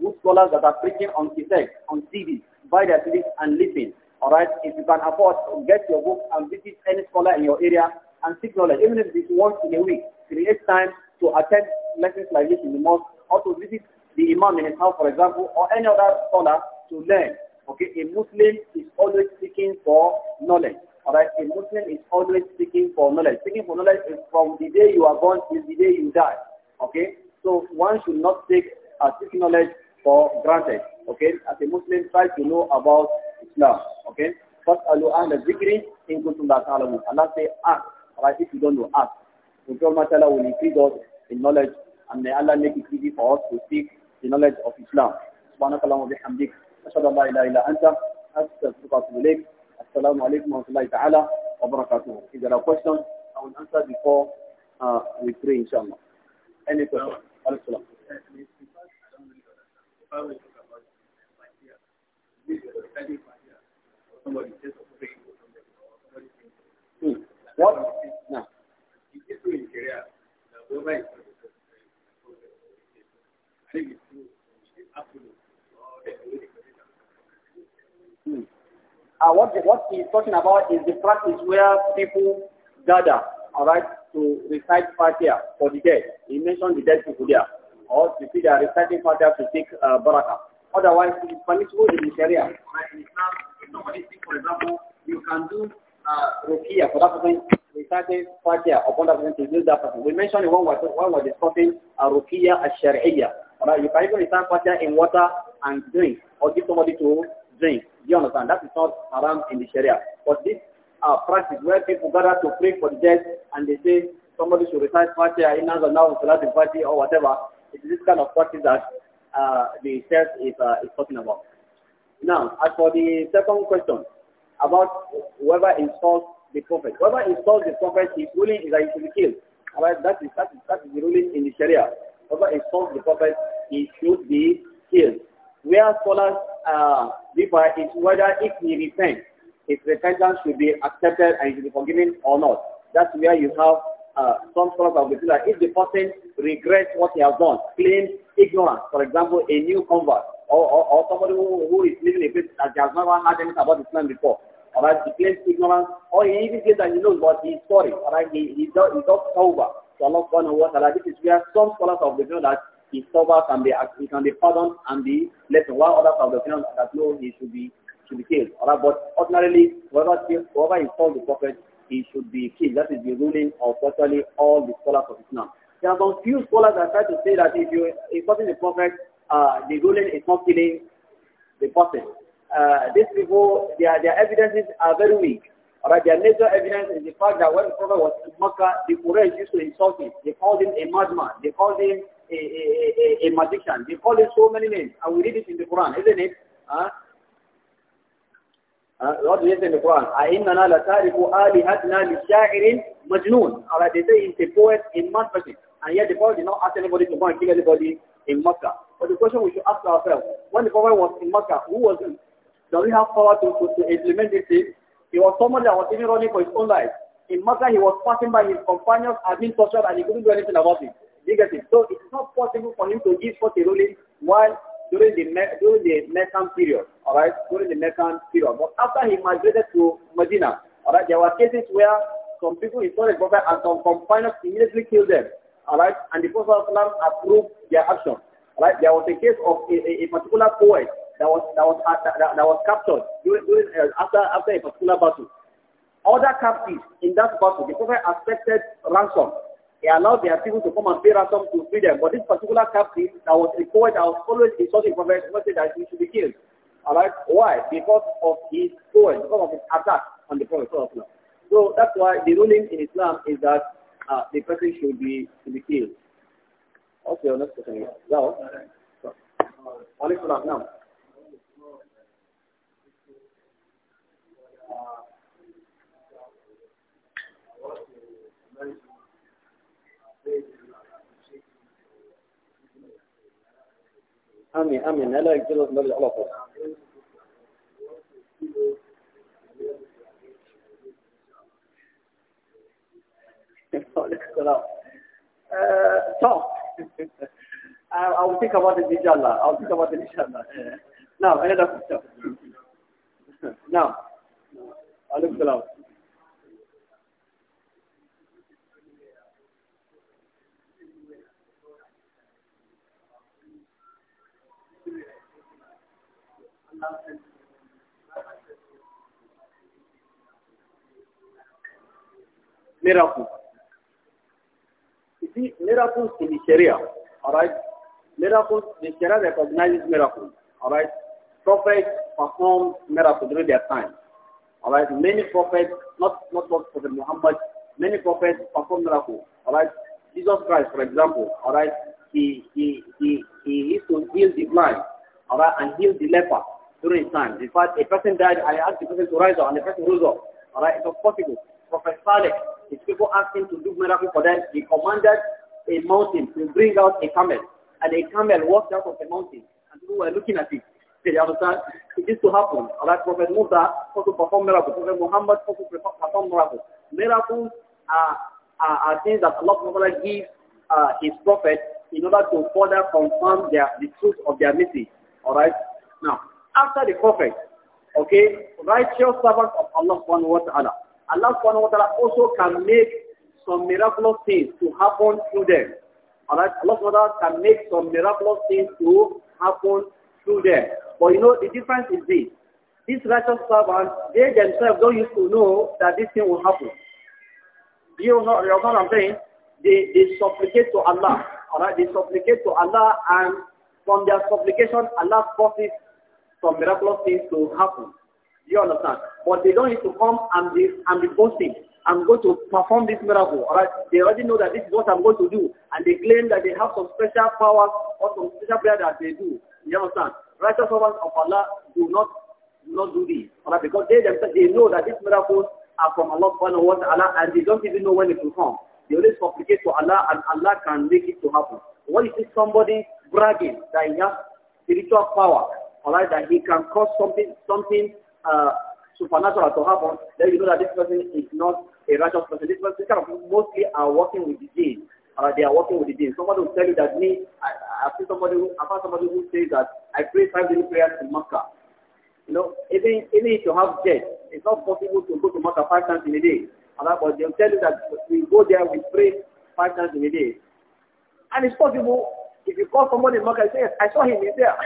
good scholars that are preaching on cassette, on TV, Buy their CDs and listen. All right, if you can afford, get your book and visit any scholar in your area and seek knowledge, even if it's once in a week. Create time to attend lessons like this in the mosque or to visit the imam in his house, for example, or any other scholar to learn. Okay, a Muslim is always seeking for knowledge. Alright, a Muslim is always seeking for knowledge. Seeking for knowledge is from the day you are born till the day you die. Okay, so one should not take a seeking knowledge for granted. Okay, as a Muslim, try to know about Islam. Okay, first, Allah, the Zikri, in Kutum Allah say, ask. Ah, Alright, if you don't know, ask. Inshallah, Allah will increase us in knowledge and may Allah make it easy for us to seek the knowledge of Islam. سبحانك اللهم وبحمدك أشهد أن لا إله إلا wa أستغفرك وأتوب إليك السلام عليكم ورحمة الله تعالى وبركاته. If there are questions, I will answer before uh, we pray, inshallah. Any questions? al Hmm. What? No. Hmm. Uh, what, the, what he's talking about is the practice where people gather, all right, to recite Fatiha for the dead. He mentioned the dead people there. Or you see they are reciting Fatiha to seek uh, barakah. Otherwise, it's permissible in the Sharia. Right? In Islam, if somebody speaks, for example, you can do Rukia, for that person, reciting Fatiha upon that person to use that person. We mentioned one was one was discussing a uh, Rukia as Sharia. Alright, you can even start Fatiha in water and drink, or give somebody to drink. Do you understand? That is not haram in the Sharia. But this uh, practice where people gather to pray for the dead and they say somebody should recite Fatiha in another now Salat in Fatiha or whatever, it is this kind of practice that uh, the church is, uh, is talking about. Now, as for the second question, about whoever insults the prophet. Whoever insults the prophet, his ruling is that he should be killed. Right? That, is, that, is, that is the ruling in the Sharia. Whoever insults the prophet, he should be killed. Where scholars uh, differ is whether if he repents, his repentance should be accepted and he should be forgiven or not. That's where you have uh, some scholars of the that if the person regrets what he has done, claims ignorance, for example, a new convert, or, somebody who, who is living a bit, that does not had anything about Islam before. All right, he claims ignorance, or he even says that he knows, but he's sorry. All right, he he does he does tawbah so Allah subhanahu wa taala. This is where some scholars of the view that he tawbah can be he can be pardoned and be lessened, while others of the view that no, he should be should be killed. All right, but ordinarily, whoever kills, whoever insults the prophet, he should be killed. That is the ruling of virtually all the scholars of Islam. There are some few scholars that try to say that if you insulting the prophet uh, the ruling is not killing the person. Uh, these people, their, their evidences are very weak. Alright, their major evidence is the fact that when the Prophet was in Mecca, the Quraysh used to insult him. They called him a madman. They called him a, a, a, a magician. They called him so many names. And we read it in the Quran, isn't it? Huh? Uh, Lord says in the Quran, أَإِنَّنَا لَتَارِكُ آلِهَتْنَا لِشَاعِرٍ مَجْنُونَ Alright, they say he's a poet, a mad person. And yet the Prophet did not ask anybody to go and kill anybody in Mecca. But the question we should ask ourselves, when the Prophet was in Mecca, who was he? Does he have power to, to, to implement this thing? He was someone that was even running for his own life. In Mecca, he was passing by his companions, had been tortured, and he couldn't do anything about it. Negative. So it is not possible for him to give such a ruling while during the during the Meccan period. All right, during the Meccan period. But after he migrated to Medina, all right, there were cases where some people he saw the prophet and some companions immediately killed them. All right, and the Prophet approved their action. Right? There was a case of a, a, a particular poet that was that was uh, that, that, was captured during, during uh, after after a particular battle. Other captives in that battle, the prophet accepted ransom. He allowed their people to come and pay ransom to free them. But this particular captive that was a poet that was always insulting prophet, said that he should be killed. All right? Why? Because of his poem, because of his attack on the prophet. So that's why the ruling in Islam is that uh, the person should be should be killed. اوكي ونفس الخلية لا عليكم السلام نعم آمين آمين لا يجلس بل العلاقة وعليكم السلام آه، صح (laughs) Uh, I will think about it inshallah. I'll think about it inshallah. (laughs) Now, another question. (laughs) Now, Alaikum Salaam. Miracle see, miracles in the Sharia, alright? Miracles, the Sharia recognizes miracles, alright? Prophets perform miracles during their time, alright? Many prophets, not, not just Prophet Muhammad, many prophets perform miracles, alright? Jesus Christ, for example, alright? He, he, he, he used to heal the blind, alright? And heal the leper during his time. In fact, a person died I asked the person to rise up and the person rose up, alright? It was possible. Prophet Saleh, his people asked him to do miracle for them. He commanded a mountain to bring out a camel. And a camel walked out of the mountain. And people were looking at it. They understand? It used to happen. Allah Prophet Musa also performed miracles. Prophet Muhammad also performed miracles. Miracles are, are, are things that Allah Prophet gives uh, his prophet in order to further confirm their, the truth of their message. Alright? Now, after the prophet, okay, righteous servants of Allah subhanahu wa ta'ala, Allah subhanahu wa ta'ala also can make some miraculous things to happen through them. Alright, Allah subhanahu wa ta'ala can make some miraculous things to happen through them. But you know, the difference is this. These righteous servants, they themselves don't used to know that this thing will happen. You know, you know what I'm saying? They, they supplicate to Allah. Alright, they supplicate to Allah and from their supplication, Allah causes some miraculous things to happen. You understand? But they don't need to come and be, and be boasting. I'm going to perform this miracle. All right? They already know that this is what I'm going to do. And they claim that they have some special power or some special prayer that they do. You understand? Righteous servants of Allah do not do not do this. All right? Because they themselves they know that these miracles are from Allah subhanahu wa ta'ala and they don't even know when it will come. They always supplicate to Allah and Allah can make it to happen. if it's somebody bragging that he has spiritual power? All right, that he can cause something something uh, supernatural to happen, then you know that this person is not a righteous person. This person kind of mostly are working with the jinn. Uh, they are working with the jinn. Somebody will tell you that me, I, I've seen somebody who, I've heard somebody who says that I pray five daily prayers in Makkah. You know, even, even if you have jet, it's not possible to go to Makkah five times in a day. And that, but they'll tell you that we go there, we pray five times in a day. And it's possible if you call somebody in Makkah and say, I saw him, he's there.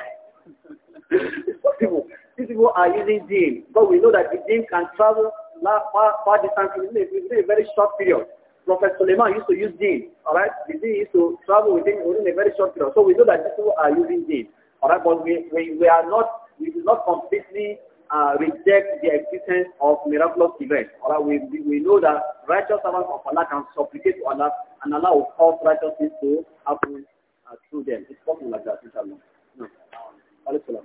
(laughs) it's possible. These people are using gene, but we know that the gene can travel far, far distances within a very short period. Prophet Suleiman used to use gene, all right? The gene used to travel within, within a very short period. So we know that these people are using gene, all right? But we, we, we are not, we do not completely uh, reject the existence of miraculous events. All right? we, we know that righteous servants of Allah can supplicate to Allah and Allah will cause righteous things to happen uh, through them. It's possible like that, inshallah. No. Um,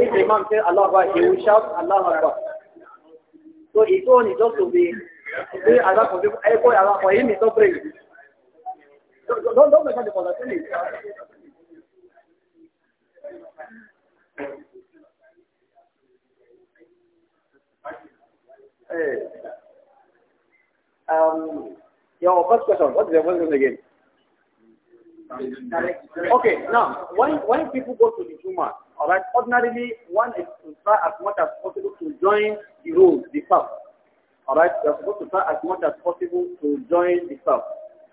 if the Imam says Allah Akbar, he will shout Allah Akbar. So his own is just to be say Allah for people, echo Allah for him is not praying. don't, don't mention the Hey. Eh, um, your first question, what is your first question again? Okay, now, when, when people go to the human? alright, ordinarily one is to try as much as possible to join the road, the path. Alright, you're supposed to try as much as possible to join the path.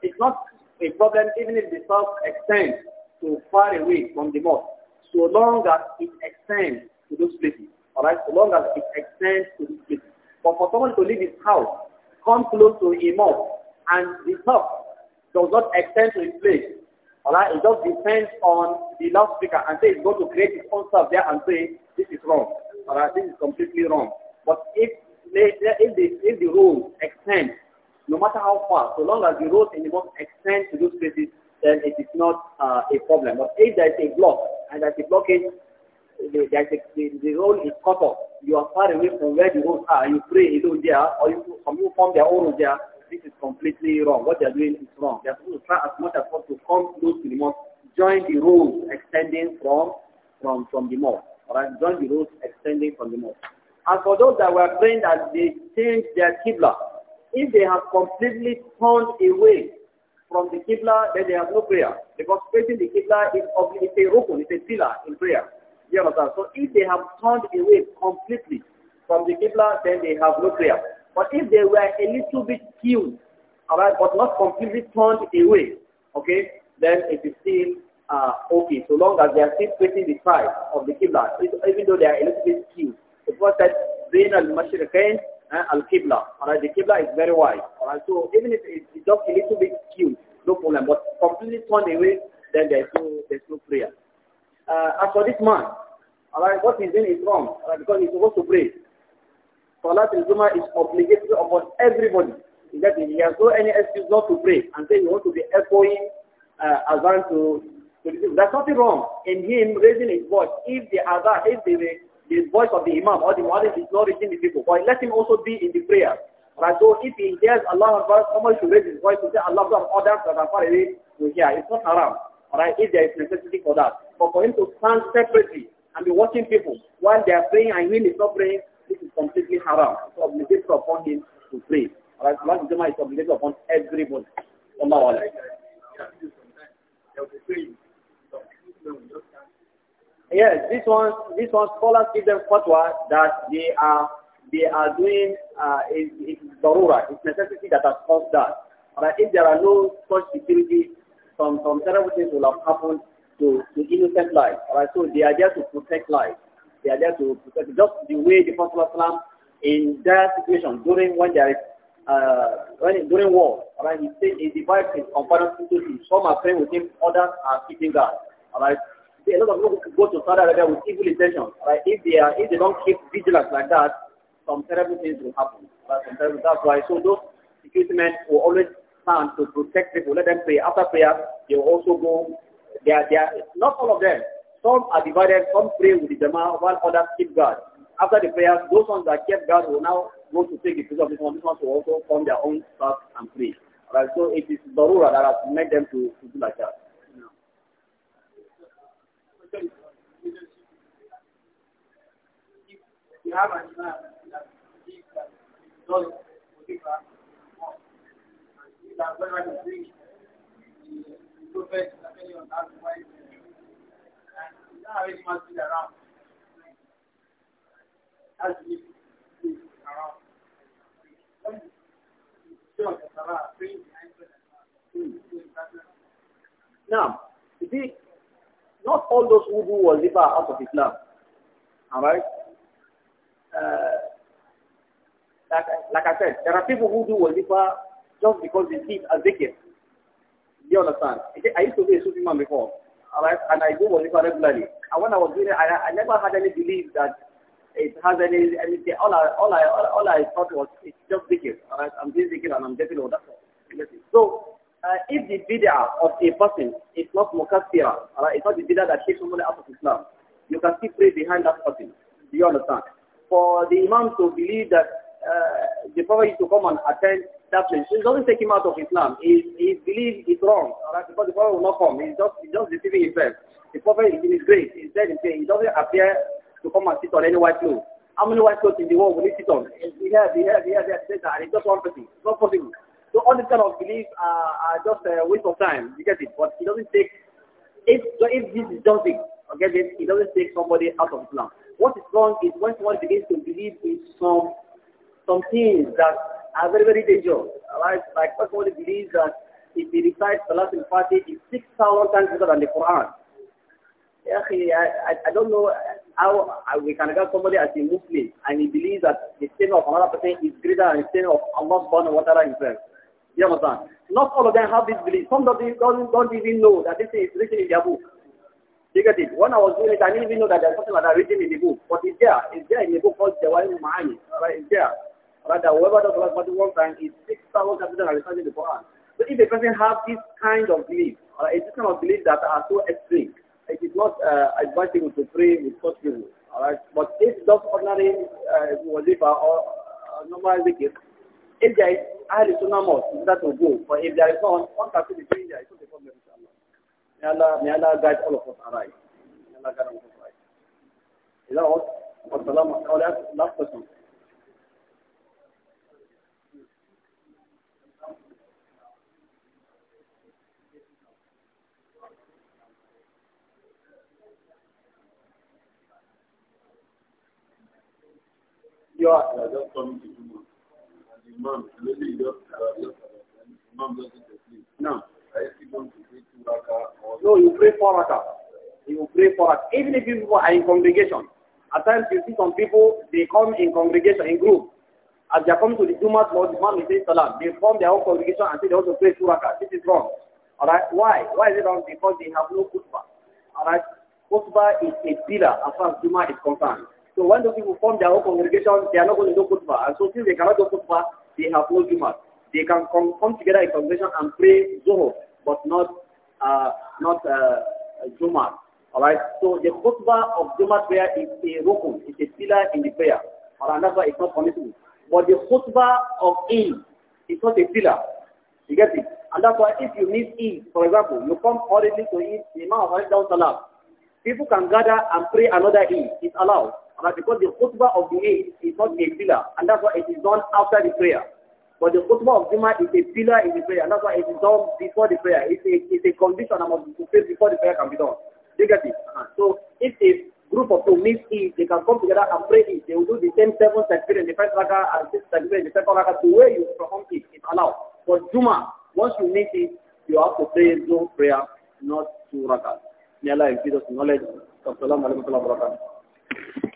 It's not a problem even if the path extends to far away from the mosque, so long as it extends to those places. Alright, so long as it extends to those places. But for someone to leave his house, come close to a mosque, and the path does not extend to his place, Alright, it just depends on the loudspeaker and say it's going to create its own stuff there and say this is wrong. Alright, this is completely wrong. But if they, if the if the rule extends, no matter how far, so long as the rules in the most extend to those places, then it is not uh, a problem. But if there is a block and there is a blockage, the, there is a, the, the road is cut off. You are far away from where the rules are. You pray alone there, or you some people form their own there this is completely wrong. What they are doing is wrong. They are supposed to try as much as possible to come close to the mosque, join the rules extending from from from the mosque. Alright, join the rules extending from the mosque. And for those that were praying that they changed their qibla, if they have completely turned away from the qibla, then they have no prayer because facing the qibla is it's a rukun, it's a pillar in prayer. You understand? So if they have turned away completely from the qibla, then they have no prayer. But if they were a little bit skewed, alright, but not completely turned away, okay, then it is still uh, okay, so long as they are still facing the side of the Qibla, even though they are a little bit skewed. The first that Zain al-Mashriqain and uh, al-Qibla, alright, the Qibla is very wide, alright, so even if it's just a little bit skewed, no problem, but completely turned away, then there's no, there's no prayer. Uh, as for this man, alright, what he's doing is wrong, alright, because he's supposed to pray, Salat al-Jum'ah is obligatory upon everybody. That he has no any excuse not to pray and say you want to be echoing uh, Azan to, to the people. There's nothing wrong in him raising his voice if the Azan, if the, the voice of the Imam or the Muaddin is not reaching the people. why let him also be in the prayer. Right? So if he hears Allah Akbar, someone should raise his voice to say Allah Akbar, All that that are far away to hear. It's not haram. Right. if there is necessity for that. But for him to stand separately and be watching people while they are praying and he is not praying, this is completely haram. It's obligated upon him to pray. Alright, Salat Juma is obligated upon everybody. Allah Allah. Yes, this one, this one scholars give them fatwa that they are they are doing uh, it, it's it's necessity that has caused that. Alright, if there are no such security, some some terrible things will have happened to, to innocent life. Alright, so they are there to protect life. They are there to protect just the way the Prophet in that situation during when there is uh, when during war, right? he said he divides his companions into two. Some are praying with him, others are keeping guard. Alright. A lot of people go to Saudi Arabia with evil intentions. Right? If they are, if they don't keep vigilance like that, some terrible things will happen. Right? Some terrible, that's why. So those security men will always stand to protect people. Let them pray. After prayer, they will also go. They are, they are, not all of them, Some are divided, some pray with the Jama'ah, while others keep guard. After the prayers, those ones that kept guard will now go to take the place of this one. This one will also form their own staff and pray. Right, so it is Barura that has made them to, to do like that. Yeah. You have an imam that believes that the Lord will give us more. And that whenever he brings the prophet, depending on that, why Now, you see, not all those who do wazifa are out of Islam. Alright? Uh, like, like I said, there are people who do wazifa just because they keep a zikir. You understand? I used to be a Sufi man before. And I do it regularly. And when I was doing it, I, I never had any belief that it has any anything. All I all I all I thought was it's just zikr. Right? I'm doing zikr and I'm getting all that. So uh, if the video of a person is not mukaffira, right? it's not the video that takes someone out of Islam, you can still pray behind that person. Do you understand? For the imam to believe that uh, the prophet used to come and attend that's it. So it doesn't take him out of Islam. He he believes is wrong. Alright, because the Prophet will not come. He's just, he's just deceiving himself. The Prophet is in his grave. He's dead in pain. He doesn't appear to come and sit on any white clothes. How many white clothes in the world will he sit on? He has, he has, he has, he has, said and it's just one person. It's not possible. So all these kind of beliefs are, are just a waste of time. You get it? But he doesn't take, if, so if this is just it, okay, then he doesn't take somebody out of Islam. What is wrong is when someone begins to believe in some, some things that are very, very dangerous. Like, like he believes that if he recites Salat al-Fatih, it's 6,000 times better than the Quran. I, I don't know how we can regard somebody as a Muslim and he believes that the sin of another person is greater than the sin of Allah subhanahu and ta'ala himself. You understand? Not all of them have this belief. Some of them don't, don't even know that this is written in their book. You get it? When I was doing it, I didn't even know that there's something like that written in the book. But it's there. It's there in the book called Jawahir Ma'ani. Right? It's there. Rather, whoever does Salah Fati one time is 6,000 times than reciting the Quran. So if a person has this kind of belief, or uh, a system of belief that are so extreme, it is not uh, advisable to pray with such people. Alright? But if those ordinary uh, or uh, normal zikr, if there is ahli sunnah mosque, that will go. But if there is none, one can still be praying there. It's not a problem, inshallah. May Allah, may Allah guide all of us aright. May Allah guide all of us aright. Is that all? Last question. You are. You just coming to Juma. And the Imam, maybe you just, uh, just uh, doesn't No. I you going to pray two raka? No, you pray four raka. You pray four raka. Even if people are in congregation, at times you see some people, they come in congregation, in group. As they come to the Juma, the Imam is saying salam. They form their own congregation and say they also pray two This is wrong. Alright, why? Why is it wrong? Because they have no khutbah. Alright, khutbah is a pillar as far as Juma is concerned. So when those people form their own congregation, they are not going to do khutbah. And so since they cannot do khutbah, they have no Jummah. They can come, come together in congregation and pray Zohar, but not uh, not uh, Alright, so the khutbah of Jummah prayer is a rukun, it's a pillar in the prayer. Alright, that's why it's not permissible. But the khutbah of Eid is not a pillar. You get it? And that's why if you miss Eid, for example, you come hurriedly to Eid, the Imam of down Salam, people can gather and pray another Eid. It's allowed. But because the khutbah of the Eid is not a pillar, and that's why it is done after the prayer. But the khutbah of Juma is a pillar in the prayer, and that's why it is done before the prayer. It's a, it's a condition that must be before the prayer can be done. You get it? Uh -huh. So if a group of two miss Eid, they can come together and pray Eid. They will do the same seven takbir in the first rakah and six takbir in the second rakah to where you perform it. It's allowed. For Juma, once you miss it, you have to pray no prayer, not two rakah. May Allah give us knowledge. Assalamu alaikum wa barakatuh.